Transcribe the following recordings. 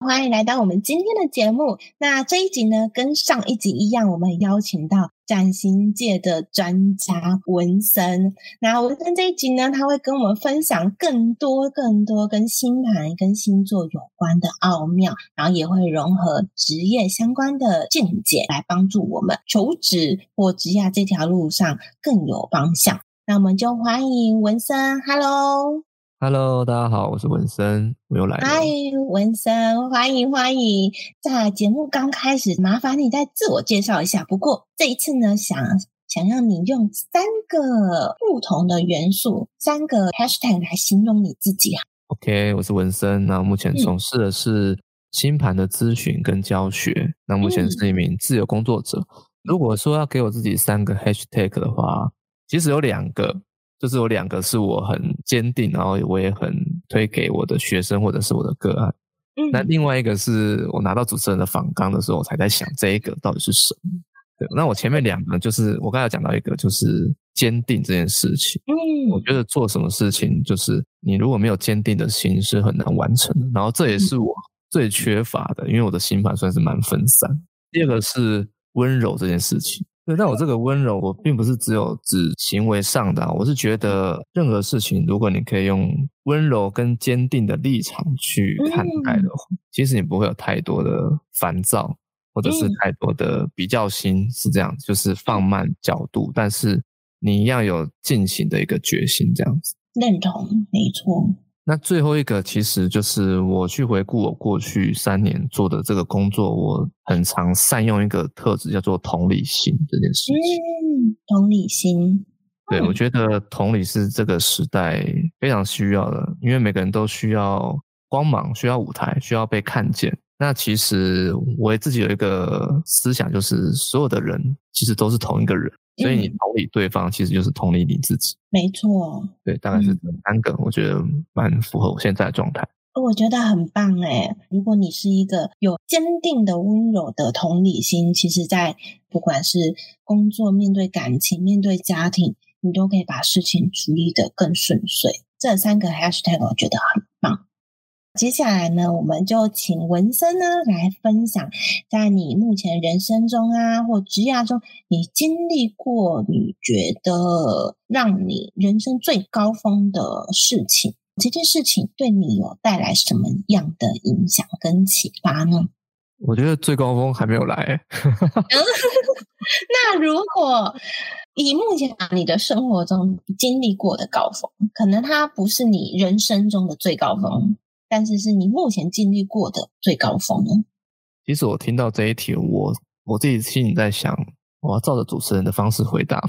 歡迎來到我們今天的節目。那這一集呢，跟上一集一樣，我們邀請到占星界的專家文森。那文森這一集呢，他會跟我們分享更多更多跟星盤、跟星座有關的奧妙，然後也會融合職業相關的見解，來幫助我們求職或職業這條路上更有方向。那我們就歡迎文森，Hello。Hello，大家好，我是文森，我又來了。嗨，文森，歡迎歡迎！在節目剛開始，麻煩你再自我介紹一下。不過這一次呢，想想讓你用三個不同的元素，三個 Hashtag 來形容你自己。OK，我是文森，那目前從事的是星盤的諮詢跟教學，那、嗯、目前是一名自由工作者。如果說要給我自己三個 Hashtag 的話，其實有兩個。就是有兩個是我很堅定，然後我也很推給我的學生或者是我的個案。那另外一個是我拿到主持人的訪綱的時候，我才在想這一個到底是什麼。對，那我前面兩個就是我剛才講到一個就是堅定這件事情。我覺得做什麼事情就是你如果沒有堅定的心是很難完成的。然後這也是我最缺乏的，因為我的心盤算是蠻分散。第二個是溫柔這件事情。對，但我這個溫柔，我並不是只有指行為上的、啊，我是覺得任何事情，如果你可以用溫柔跟堅定的立場去看待的話，嗯、其實你不會有太多的煩躁，或者是太多的比較心，嗯、是這樣，就是放慢角度，但是你一樣有進行的一個決心，這樣子。認同，沒錯。那最後一個其實就是我去回顧我過去三年做的這個工作，我很常善用一個特質叫做同理心這件事情。嗯，同理心。對，我覺得同理是這個時代非常需要的，因為每個人都需要光芒，需要舞台，需要被看見。那其實我自己有一個思想，就是所有的人其實都是同一個人。所以你同理對方，其實就是同理你自己。嗯，沒錯，對，大概是這三個，我覺得蠻符合我現在的狀態。嗯，我覺得很棒哎，欸！如果你是一個有堅定的、溫柔的同理心，其實在不管是工作、面對感情、面對家庭，你都可以把事情處理得更順遂。這三個 hashtag 我覺得很棒。接下來呢，我們就請文森呢來分享，在你目前人生中啊，或職業中，你經歷過你覺得讓你人生最高峰的事情，這件事情對你有帶來什麼樣的影響跟啟發呢？我覺得最高峰還沒有來、欸。 那如果你目前你的生活中經歷過的高峰，可能它不是你人生中的最高峰。但是是你目前經歷過的最高峰了。其實我聽到這一題，我我自己心裡在想，我要照着主持人的方式回答。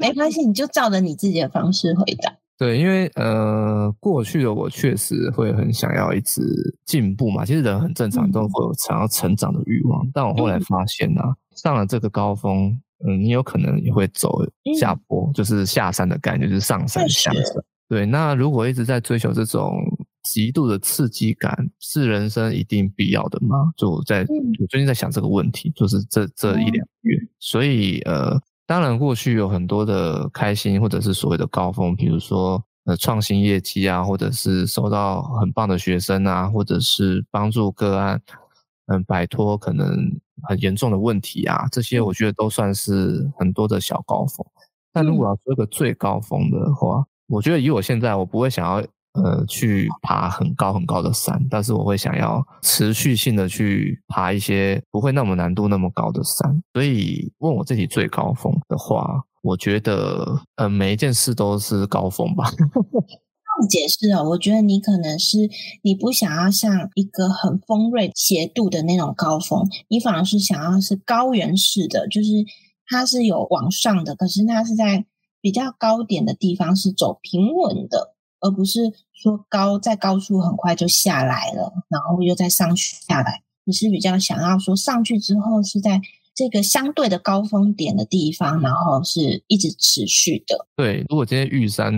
沒關係，你就照着你自己的方式回答。對，因為呃，過去的我確實會很想要一直進步嘛。其實人很正常，都會有想要成長的慾望、嗯。但我後來發現啊，上了這個高峰，嗯，你有可能也會走下坡，嗯、就是下山的概念，就是上山是下山。對，那如果一直在追求這種。極度的刺激感是人生一定必要的嗎？就我在、嗯、我最近在想這個問題，就是這這一兩個月。所以呃，當然過去有很多的開心，或者是所謂的高峰，比如說呃創新業績啊，或者是收到很棒的學生啊，或者是幫助個案嗯、呃、擺脫可能很嚴重的問題啊，這些我覺得都算是很多的小高峰。但如果要說一個最高峰的話、嗯，我覺得以我現在，我不會想要。呃，去爬很高很高的山，但是我會想要持續性的去爬一些不會那麼難度那麼高的山。所以問我自己最高峰的話，我覺得呃，每一件事都是高峰吧。這 樣解釋哦，我覺得你可能是你不想要像一個很鋒銳斜度的那種高峰，你反而是想要是高原式的，就是它是有往上的，可是它是在比較高點的地方是走平穩的。而不是說高在高處很快就下來了，然後又再上去下來。你是比較想要說上去之後是在這個相對的高峰點的地方，然後是一直持續的。對，如果今天玉山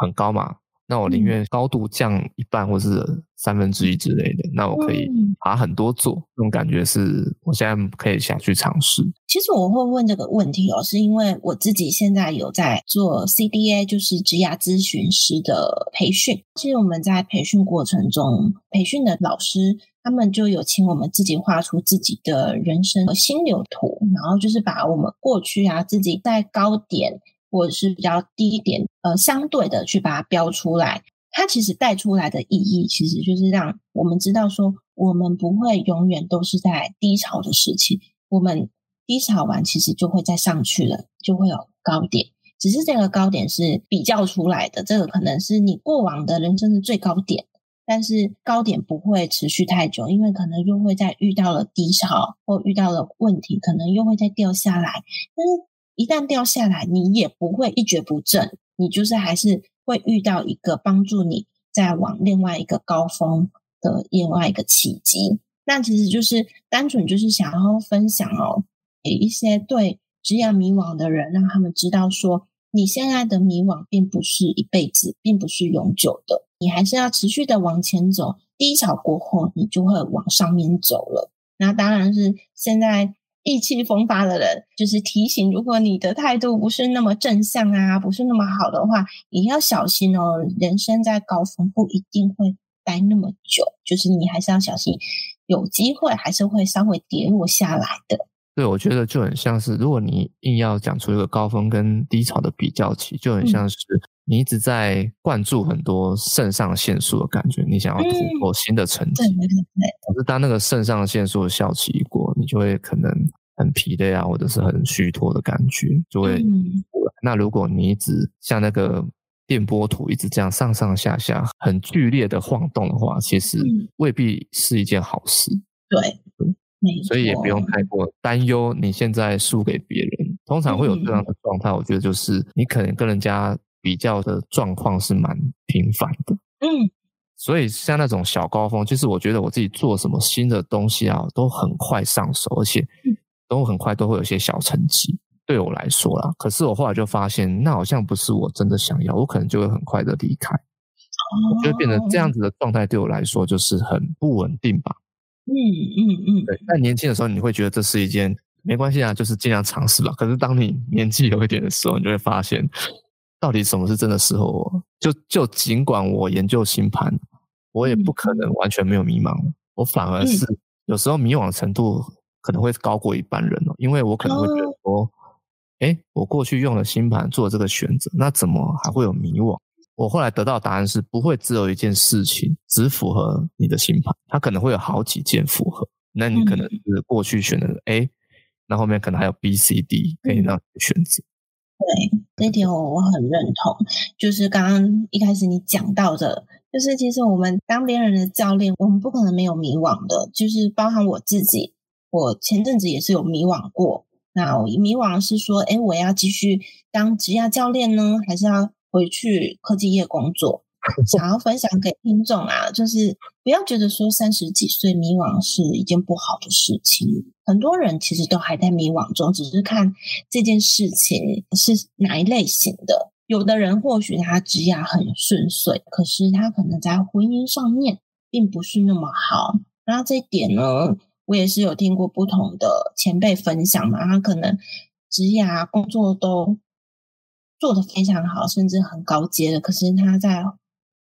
很高嘛。那我寧願高度降一半，或是三分之一之類的。那我可以爬很多座，嗯、這種感覺是，我現在可以想去嘗試。其實我會問這個問題哦，是因為我自己現在有在做 CDA，就是職涯諮詢師的培訓。其實我們在培訓過程中，培訓的老師他們就有請我們自己畫出自己的人生和心流圖，然後就是把我們過去啊，自己在高點。或者是比較低一點，呃，相對的去把它標出來，它其實帶出來的意義，其實就是讓我們知道說，我們不會永遠都是在低潮的時期，我們低潮完其實就會再上去了，就會有高點，只是這個高點是比較出來的，這個可能是你過往的人生的最高點，但是高點不會持續太久，因為可能又會再遇到了低潮或遇到了問題，可能又會再掉下來，但是，一旦掉下來，你也不會一蹶不振，你就是還是會遇到一個幫助你再往另外一個高峰的另外一個契機。那其實就是單純就是想要分享哦，給一些對職業迷茫的人，讓他們知道說，你現在的迷茫並不是一輩子，並不是永久的，你還是要持續的往前走。低潮過後，你就會往上面走了。那當然是現在。意氣風發的人，就是提醒：如果你的態度不是那麼正向啊，不是那麼好的話，也要小心哦。人生在高峰不一定會待那麼久，就是你還是要小心。有機會還是會稍微跌落下來的。對，我覺得就很像是，如果你硬要講出一個高峰跟低潮的比較期，就很像是、嗯、你一直在灌注很多腎上腺素的感覺，嗯、你想要突破新的成績。對對對。可是當那個腎上腺素的效期一過，你就會可能很疲累啊，或者是很虛脫的感覺，就會、嗯。那如果你一直像那個電波圖一直這樣上上下下很劇烈的晃動的話，其實未必是一件好事。嗯、對，所以也不用太過擔憂。你現在輸給別人，通常會有這樣的狀態、嗯。我覺得就是你可能跟人家比較的狀況是蠻頻繁的。嗯。所以像那種小高峰，其實我覺得我自己做什麼新的東西啊，都很快上手，而且都很快都會有一些小成績。對我來說啦，可是我後來就發現，那好像不是我真的想要，我可能就會很快的離開，就、哦、我覺得變成這樣子的狀態。對我來說，就是很不穩定吧。嗯嗯嗯。那、嗯、在年輕的時候，你會覺得這是一件沒關係啊，就是盡量嘗試吧。可是當你年紀有一點的時候，你就會發現，到底什麼是真的適合我？就就儘管我研究星盤。我也不可能完全沒有迷茫，嗯、我反而是有時候迷惘的程度可能會高過一般人哦，嗯、因為我可能會覺得說，哎、哦欸，我過去用了星盤做這個選擇，那怎麼還會有迷惘？我後來得到答案是不會只有一件事情只符合你的星盤，它可能會有好幾件符合，那你可能是過去選的 A、嗯、那後面可能還有 B、嗯、C、D 可以讓你選擇。對，這點我我很認同，就是剛剛一開始你講到的。就是，其實我們當別人的教練，我們不可能沒有迷惘的。就是包含我自己，我前陣子也是有迷惘過。那我迷惘是說，哎，我要繼續當職業教練呢，還是要回去科技業工作？想要分享給聽眾啊，就是不要覺得說三十幾歲迷惘是一件不好的事情。很多人其實都還在迷惘中，只是看這件事情是哪一類型的。有的人或許他職涯很順遂，可是他可能在婚姻上面並不是那麼好。那這一點呢，我也是有聽過不同的前輩分享嘛。他可能職涯、工作都做得非常好，甚至很高階的，可是他在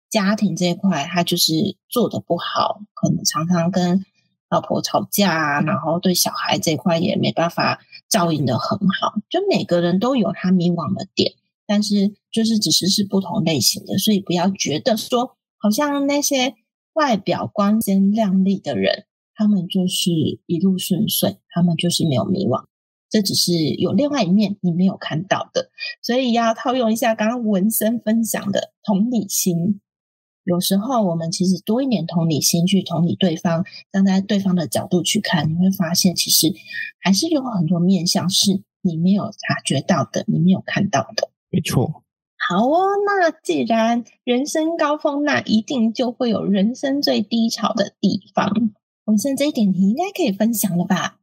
家庭這一塊，他就是做得不好，可能常常跟老婆吵架啊，然後對小孩這一塊也沒辦法照應得很好。就每個人都有他迷惘的點。但是，就是只是是不同類型的，所以不要覺得說，好像那些外表光鮮亮麗的人，他們就是一路順遂，他們就是沒有迷惘。這只是有另外一面你沒有看到的，所以要套用一下剛剛文森分享的同理心。有時候我們其實多一點同理心去同理對方，站在對方的角度去看，你會發現其實還是有很多面向是你沒有察覺到的，你沒有看到的。沒錯，好哦。那既然人生高峰，那一定就會有人生最低潮的地方。嗯、我們現在這一點，你應該可以分享了吧？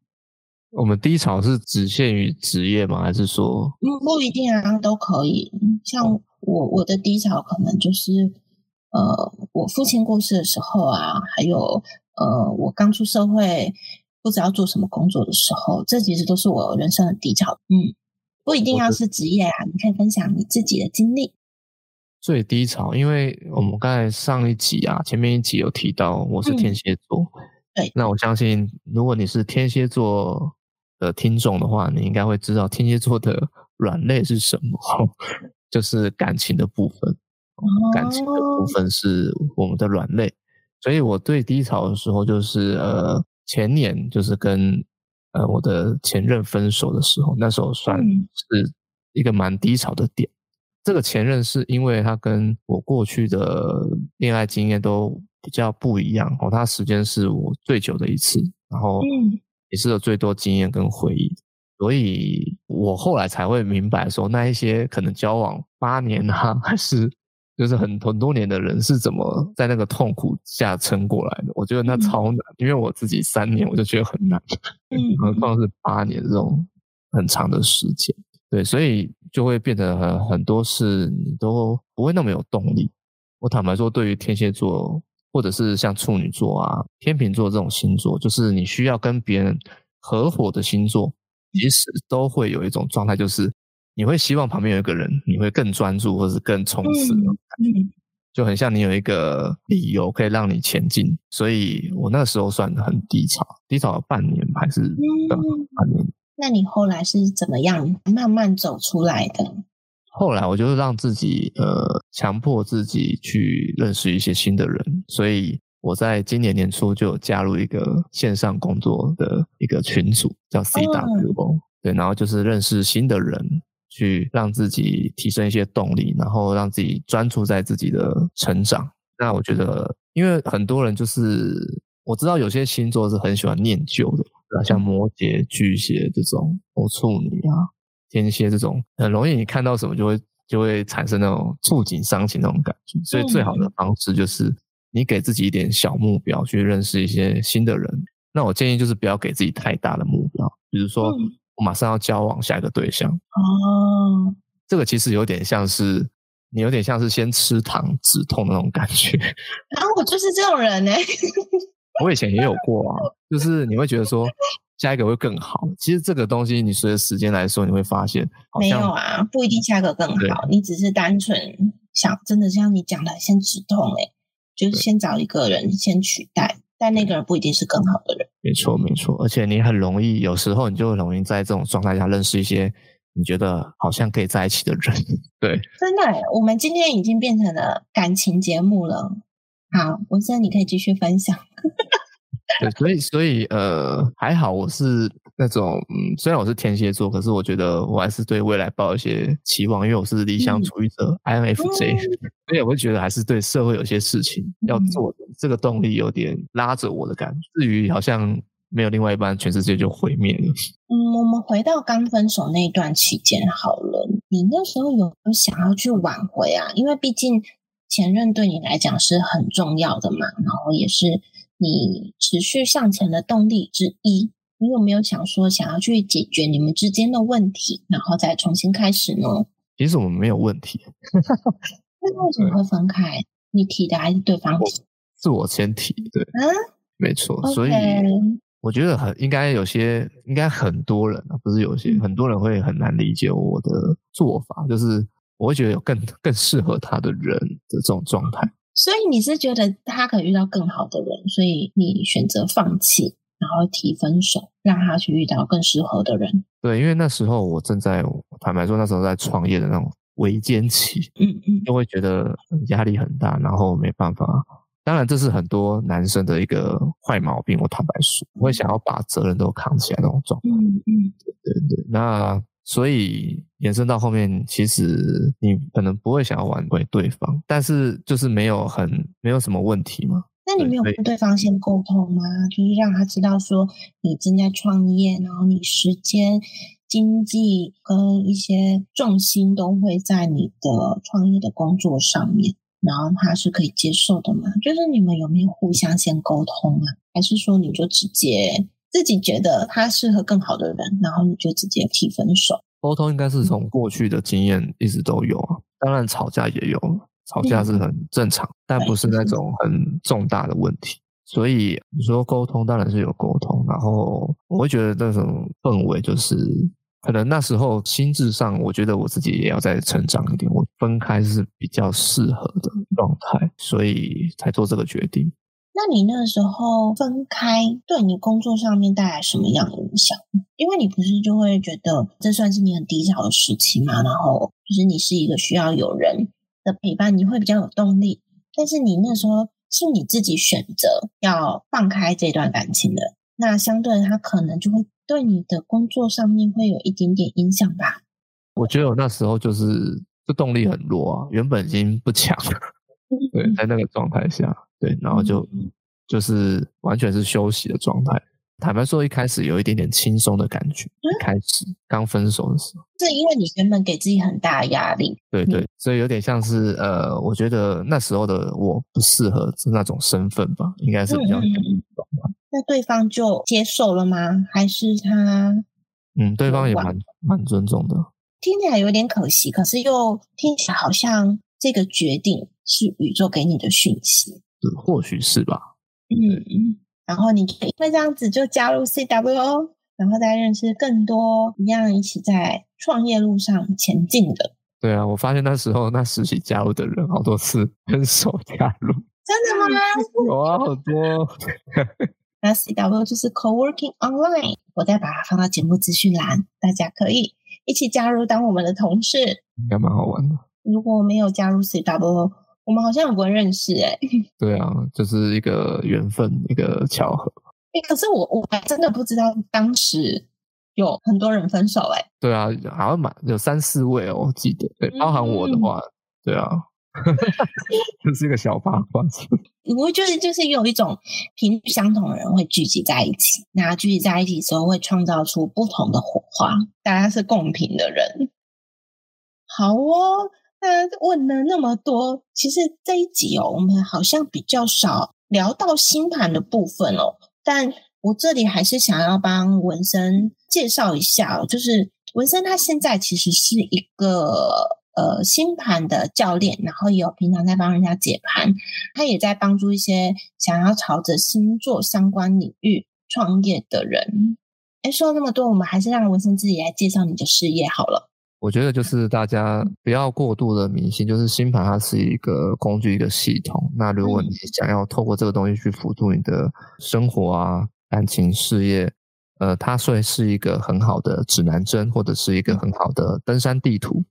我們低潮是只限於職業嗎？還是說……嗯、不一定啊，都可以。像我，我的低潮可能就是……呃，我父親過世的時候啊，還有呃，我剛出社會不知道做什麼工作的時候，這其實都是我人生的低潮。嗯。不一定要是職業啊，你可以分享你自己的經歷。最低潮，因為我們剛才上一集啊，前面一集有提到我是天蠍座，嗯，對，那我相信如果你是天蠍座的聽眾的話，你應該會知道天蠍座的軟肋是什麼， 就是感情的部分，哦，感情的部分是我們的軟肋。所以我最低潮的時候，就是呃前年，就是跟呃，我的前任分手的時候，那時候算是一個蠻低潮的點。嗯、這個前任是因為他跟我過去的戀愛經驗都比較不一樣哦，他時間是我最久的一次，然後也是有最多經驗跟回憶，所以我後來才會明白說，那一些可能交往八年啊，還是。就是很很多年的人是怎麼在那個痛苦下撐過來的？我覺得那超難，嗯，因為我自己三年我就覺得很難，嗯，何況是八年這種很長的時間。對，所以就會變得很很多事你都不會那麼有動力。我坦白說，對於天蠍座或者是像處女座啊、天秤座這種星座，就是你需要跟別人合夥的星座，其實都會有一種狀態，就是。你會希望旁邊有一個人，你會更專注或者是更充實、嗯嗯，就很像你有一個理由可以讓你前進。所以我那時候算很低潮，低潮了半年還是、嗯、半年。那你後來是怎麼樣慢慢走出來的？後來我就讓自己呃強迫自己去認識一些新的人，所以我在今年年初就加入一個線上工作的一個群組，叫 CWO、嗯、對，然後就是認識新的人。去讓自己提升一些動力，然後讓自己專注在自己的成長。那我覺得，因為很多人就是我知道有些星座是很喜歡念舊的，那、啊、像摩羯、巨蟹這種，或處女啊、天蠍這種，很容易你看到什麼就會就會產生那種觸景傷情那種感覺。所以最好的方式就是你給自己一點小目標，去認識一些新的人。那我建議就是不要給自己太大的目標，比如說，嗯我馬上要交往下一個對象哦，這個其實有點像是你有點像是先吃糖止痛的那種感覺。然、啊、後我就是這種人呢、欸，我以前也有過啊， 就是你會覺得說下一個會更好。其實這個東西你隨着時間來說，你會發現沒有啊，不一定下一個更好，你只是單純想真的像你講的先止痛哎、欸，就是先找一個人先取代。但那個人不一定是更好的人，沒錯，沒錯。而且你很容易，有時候你就會容易在這種狀態下認識一些你覺得好像可以在一起的人。對，真的，我們今天已經變成了感情節目了。好，我文森，你可以繼續分享。 對，所以，所以，呃，還好，我是。那種嗯，雖然我是天蠍座，可是我覺得我還是對未來抱一些期望，因為我是理想主義者，INFJ，所以我會覺得還是對社會有些事情要做的，嗯、這個動力有點拉着我的感覺。至於好像沒有另外一半，全世界就毀滅了。嗯，我們回到剛分手那段期間好了，你那時候有沒有想要去挽回啊？因為畢竟前任對你來講是很重要的嘛，然後也是你持續向前的動力之一。你有沒有想說想要去解決你們之間的問題，然後再重新開始呢？嗯、其實我們沒有問題，那 為什麼會分開？ 你提的還是對方提？我是我先提，對，嗯，沒錯、okay。所以我覺得很應該有些，應該很多人啊，不是有些，很多人會很難理解我的做法，就是我會覺得有更更適合他的人的這種狀態。所以你是覺得他可以遇到更好的人，所以你選擇放棄？然後提分手，讓他去遇到更適合的人。對，因為那時候我正在，我坦白說，那時候在創業的那種維艱期，嗯嗯，就會覺得很，壓力很大，然後沒辦法。當然，這是很多男生的一個壞毛病。我坦白說，我會想要把責任都扛起來那種狀態。嗯嗯，對，對對。那所以延伸到後面，其實你可能不會想要挽回對、對方，但是就是沒有很、沒有什麼問題嘛。那你沒有跟對方先溝通嗎？就是讓他知道說你正在創業，然後你時間、經濟跟一些重心都會在你的創業的工作上面，然後他是可以接受的嗎？就是你們有沒有互相先溝通啊？還是說你就直接自己覺得他適合更好的人，然後你就直接提分手？溝通應該是從過去的經驗一直都有啊，當然吵架也有。吵架是很正常，嗯，但不是那種很重大的問題，所以你說溝通當然是有溝通。然後我會覺得那種氛圍就是，可能那時候心智上，我覺得我自己也要再成長一點。我分開是比較適合的狀態，所以才做這個決定。那你那時候分開對你工作上面帶來什麼樣的影響？嗯、因為你不是就會覺得這算是你很低潮的時期嘛？然後就是你是一個需要有人。陪伴你會比較有動力，但是你那時候是你自己選擇要放開這段感情的，那相對他可能就會對你的工作上面會有一點點影響吧。我覺得我那時候就是這動力很弱啊，原本已經不強了。對，在那個狀態下，對，然後就就是完全是休息的狀態。坦白說，一開始有一點點輕鬆的感覺。嗯、一開始剛分手的時候，是因為你原本給自己很大壓力。對、嗯、對，所以有點像是呃，我覺得那時候的我不適合是那種身份吧，應該是比較吧、嗯。那對方就接受了嗎？還是他？嗯，對方也蠻蠻尊重的。聽起來有點可惜，可是又聽起來好像這個決定是宇宙給你的訊息。對，或許是吧。嗯。然後你可以這樣子就加入 CWO，然後再認識更多一樣一起在創業路上前進的。對啊，我發現那時候那時期加入的人好多是很少加入。真的嗎？有 哦、啊，好多、哦。 那 CWO 就是 Co-working Online，我再把它放到節目資訊欄，大家可以一起加入當我們的同事，應該蠻好玩的。如果沒有加入 CWO，我們好像有個人認識哎、欸，對啊，就是一個緣分，一個巧合。哎，可是我我真的不知道當時有很多人分手哎、欸。對啊，好像蠻有三四位哦，我記得，對，包含我的話，嗯嗯對啊， 就是一個小八卦。我會覺得就是有一種頻率相同的人會聚集在一起，那聚集在一起的時候會創造出不同的火花，大家是共頻的人，好哦。那、呃、問了那麼多，其實這一集哦，我們好像比較少聊到星盤的部分哦。但我這裡還是想要幫文森介紹一下哦，就是文森他現在其實是一個呃星盤的教練，然後也有平常在幫人家解盤，他也在幫助一些想要朝着星座相關領域創業的人。哎，說那麼多，我們還是讓文森自己來介紹你的事業好了。我覺得就是大家不要過度的迷信，就是星盤它是一個工具，一個系統。那如果你想要透過這個東西去輔助你的生活啊、感情、事業，呃，它算是一個很好的指南針，或者是一個很好的登山地圖。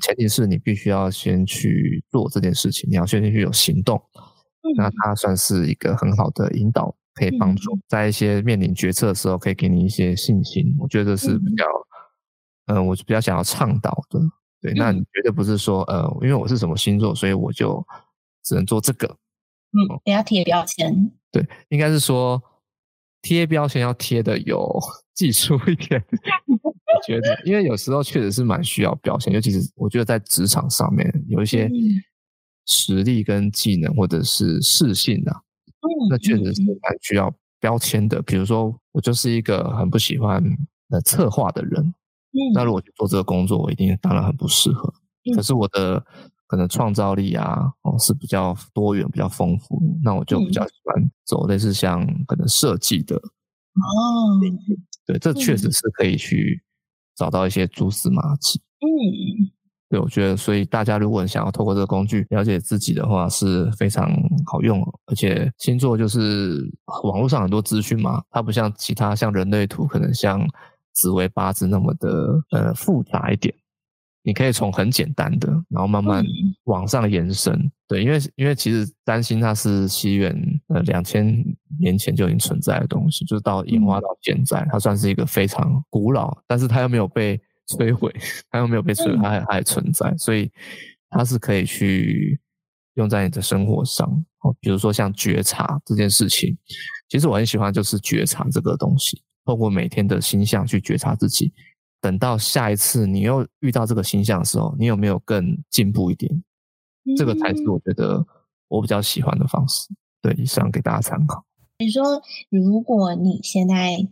前提是你必須要先去做這件事情，你要先去有行動。那它算是一個很好的引導，可以幫助在一些面臨決策的時候，可以給你一些信心。我覺得這是比較。嗯、呃，我是比較想要倡導的，對。那你絕對不是說，呃，因為我是什麼星座，所以我就只能做這個？嗯，你要貼標籤。對，應該是說貼標籤要貼的有技術一點。 我覺得，因為有時候確實是蠻需要標籤，尤其是我覺得在職場上面有一些實力跟技能或者是事性啊，嗯、那確實是蠻需要標籤的。比如說，我就是一個很不喜歡呃策劃的人。嗯、那如果去做這個工作，我一定當然很不適合。可是我的可能創造力啊，嗯、哦是比較多元、比較豐富，嗯，那我就比較喜歡走類似像可能設計的哦。對，這確實是可以去找到一些蛛絲馬跡。嗯，對，我覺得，所以大家如果想要透過這個工具了解自己的話，是非常好用，而且星座就是網絡上很多資訊嘛，它不像其他像人類圖，可能像。紫微、八字那麼的呃複雜一點，你可以從很簡單的，然後慢慢往上延伸。對，因為因為其實占星它是西元呃兩千年前就已經存在的東西，就是到演化到現在，它算是一個非常古老，但是它又沒有被摧毀，它又沒有被摧毀，它還，它還存在，所以它是可以去用在你的生活上。哦，比如說像覺察這件事情，其實我很喜歡，就是覺察這個東西。透過每天的星象去覺察自己，等到下一次你又遇到這個星象的時候，你有沒有更進步一點？這個才是我覺得我比較喜歡的方式。對，以上給大家參考。比如說，如果你現在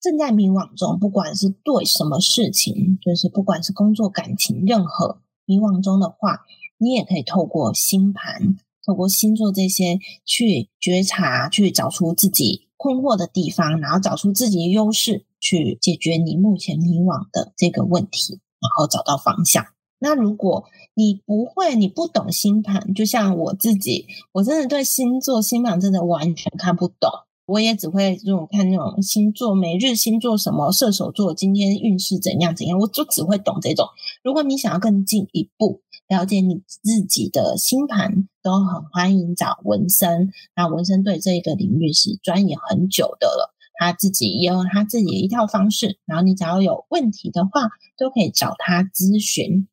正在迷惘中，不管是對什麼事情，就是不管是工作、感情，任何迷惘中的話，你也可以透過星盤、透過星座這些去覺察，去找出自己。困惑的地方，然後找出自己的優勢去解決你目前迷惘的這個問題，然後找到方向。那如果你不會，你不懂星盤，就像我自己，我真的對星座星盤真的完全看不懂。我也只會這種看那種星座，每日星座什麼，射手座今天運勢怎樣怎樣，我就只會懂這種。如果你想要更進一步，了解你自己的星盤，都很歡迎找文森。那文森對這一個領域是鑽研很久的了，他自己也有他自己的一套方式，然後你只要有問題的話都可以找他諮詢。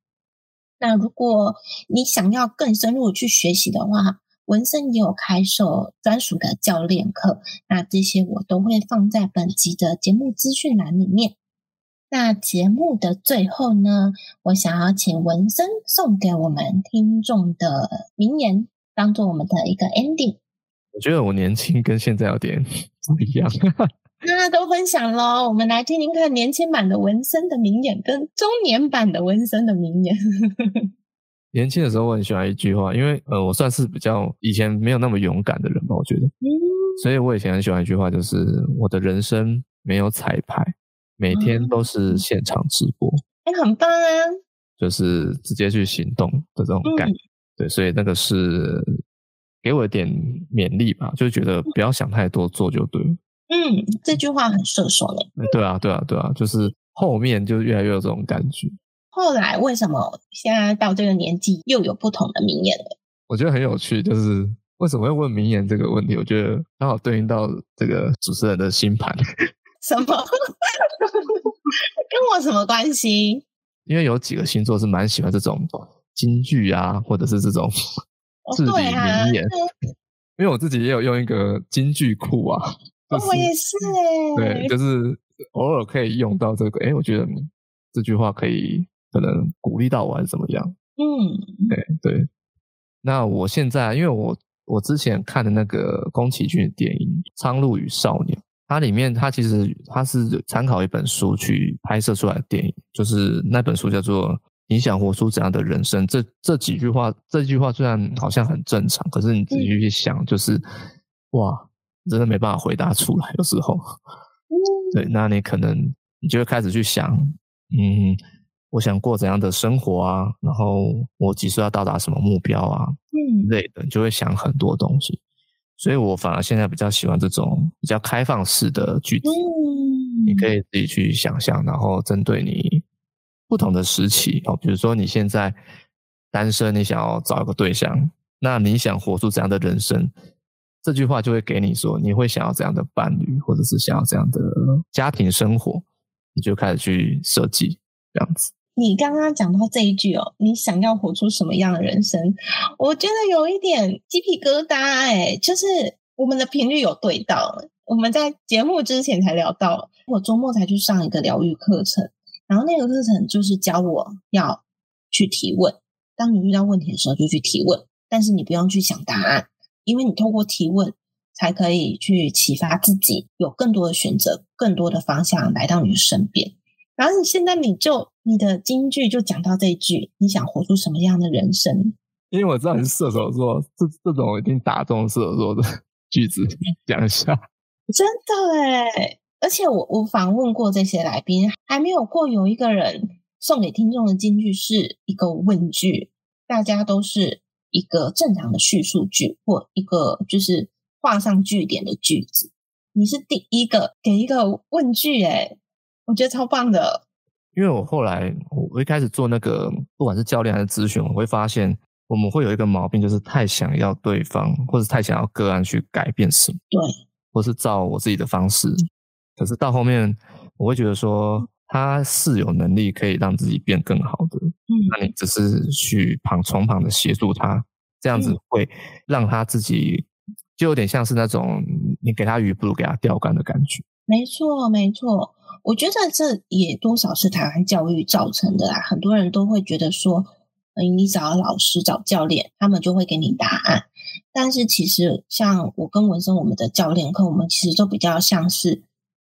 那如果你想要更深入去學習的話，文森也有開設專屬的教練課，那這些我都會放在本集的節目資訊欄裡面。那節目的最後呢，我想要請文森送給我們聽眾的名言，當做我們的一個 ending。我覺得我年輕跟現在有點不一樣。 那都分享嘍，我們來聽聽看年輕版的文森的名言，跟中年版的文森的名言。 年輕的時候我很喜歡一句話，因為呃，我算是比較以前沒有那麼勇敢的人吧，我覺得、嗯，所以我以前很喜歡一句話，就是我的人生沒有彩排。每天都是現場直播。嗯欸，很棒啊！就是直接去行動的這種感覺，嗯，對，所以那個是給我一點勉勵吧，就覺得不要想太多，做就對了。嗯，這句話很順手嘞、欸。對啊，對啊，對啊，就是後面就越來越有這種感覺。後來為什麼現在到這個年紀又有不同的名言了？我覺得很有趣，就是為什麼會問名言這個問題？我覺得剛好對應到這個主持人的星盤。什麼？ 跟我什麼關係？因為有幾個星座是蠻喜歡這種金句啊，或者是這種至理名言，哦啊。因為我自己也有用一個金句庫啊，就是，我也是。對，就是偶爾可以用到這個。哎，我覺得這句話可以，可能鼓勵到我，還是怎麼樣？嗯，對對。那我現在，因為我我之前看的那個宮崎駿的電影《蒼鷺與少年》。它裡面，它其實它是參考一本書去拍攝出來的電影，就是那本書叫做《你想活出怎樣的人生》。這這幾句話，這句話雖然好像很正常，可是你仔細去想，就是哇，真的沒辦法回答出來。有時候，對，那你可能你就會開始去想，嗯，我想過怎樣的生活啊？然後我幾時要到達什麼目標啊？嗯，之類的，你就會想很多東西。所以我反而現在比較喜歡這種比較開放式的句子，你可以自己去想象，然後針對你不同的時期哦，比如說你現在單身，你想要找一個對象，那你想活出怎樣的人生？這句話就會給你說，你會想要怎樣的伴侶，或者是想要怎樣的家庭生活，你就開始去設計這樣子。你剛剛講到這一句哦，你想要活出什麼樣的人生？我覺得有一點雞皮疙瘩，欸，哎，就是我們的頻率有對到。我們在節目之前才聊到，我周末才去上一個療癒課程，然後那個課程就是教我要去提問。當你遇到問題的時候，就去提問，但是你不用去想答案，因為你透過提問才可以去啟發自己，有更多的選擇，更多的方向來到你的身邊。然後你現在你就你的金句就講到這一句，你想活出什麼樣的人生？因為我知道你是射手座，這這種我已經打動射手座的句子，講一下。 真的誒，而且我我訪問過這些來賓，還沒有過有一個人送給聽眾的金句是一個問句，大家都是一個正常的敘述句或一個就是畫上句點的句子。你是第一個給一個問句誒。我覺得超棒的，因為我後來我一開始做那個，不管是教練還是諮詢，我會發現我們會有一個毛病，就是太想要對方，或者太想要個案去改變什麼，對，或是照我自己的方式。嗯、可是到後面，我會覺得說他是有能力可以讓自己變更好的，嗯、那你只是去旁從旁的協助他，這樣子會讓他自己、嗯、就有點像是那種你給他魚，不如給他釣竿的感覺。沒錯，沒錯。我覺得這也多少是台灣教育造成的啦、啊，很多人都會覺得說，哎、你找老師、找教練，他們就會給你答案。但是其實，像我跟文森，我們的教練課，我們其實都比較像是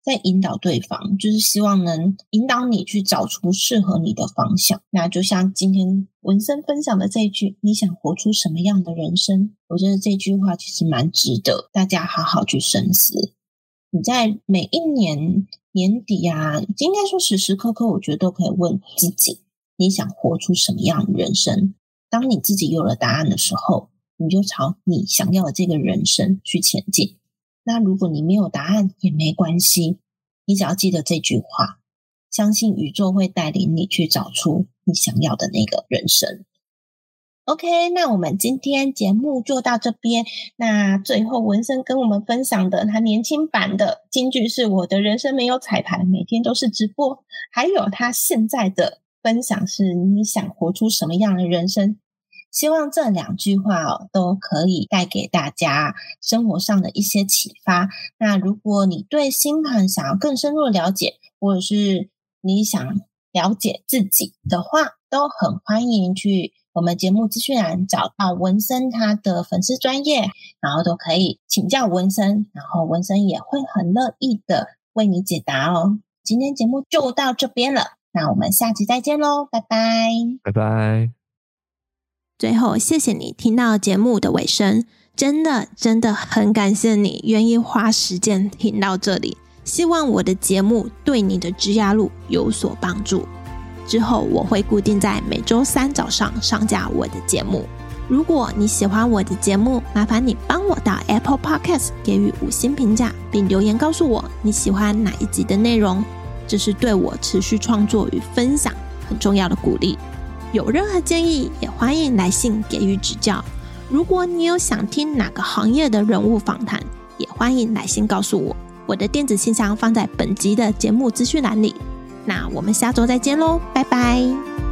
在引導對方，就是希望能引導你去找出適合你的方向。那就像今天文森分享的這一句：“你想活出什麼樣的人生？”我覺得這句話其實蠻值得大家好好去深思。你在每一年，年底呀、啊，應該說時時刻刻，我覺得都可以問自己：你想活出什麼樣的人生？當你自己有了答案的時候，你就朝你想要的這個人生去前進。那如果你沒有答案也沒關係，你只要記得這句話：相信宇宙會帶領你去找出你想要的那個人生。OK，那我們今天節目就到這邊。那最後文森跟我們分享的他年輕版的金句是，我的人生沒有彩排，每天都是直播。還有他現在的分享是：你想活出什麼樣的人生？希望這兩句話，哦、都可以帶給大家生活上的一些啟發。那如果你對星盤，想要更深入了解，或者是你想了解自己的話，都很歡迎去。我們節目資訊欄找到文森他的粉絲專頁，然後都可以請教文森，然後文森也會很樂意的為你解答哦。今天節目就到這邊了，那我們下期再見嘍，拜拜，拜拜。最後謝謝你聽到節目的尾聲，真的真的很感謝你願意花時間聽到這裡，希望我的節目對你的職涯路有所幫助。之後我會固定在每周三早上上架我的節目。如果你喜歡我的節目，麻煩你幫我到 Apple Podcast 給予五星評價，並留言告訴我你喜歡哪一集的內容。這是對我持續創作與分享很重要的鼓勵。有任何建議，也歡迎來信給予指教。如果你有想聽哪個行業的人物訪談，也歡迎來信告訴我。我的電子信箱放在本集的節目資訊欄裡。那我們下週再見嘍，拜拜。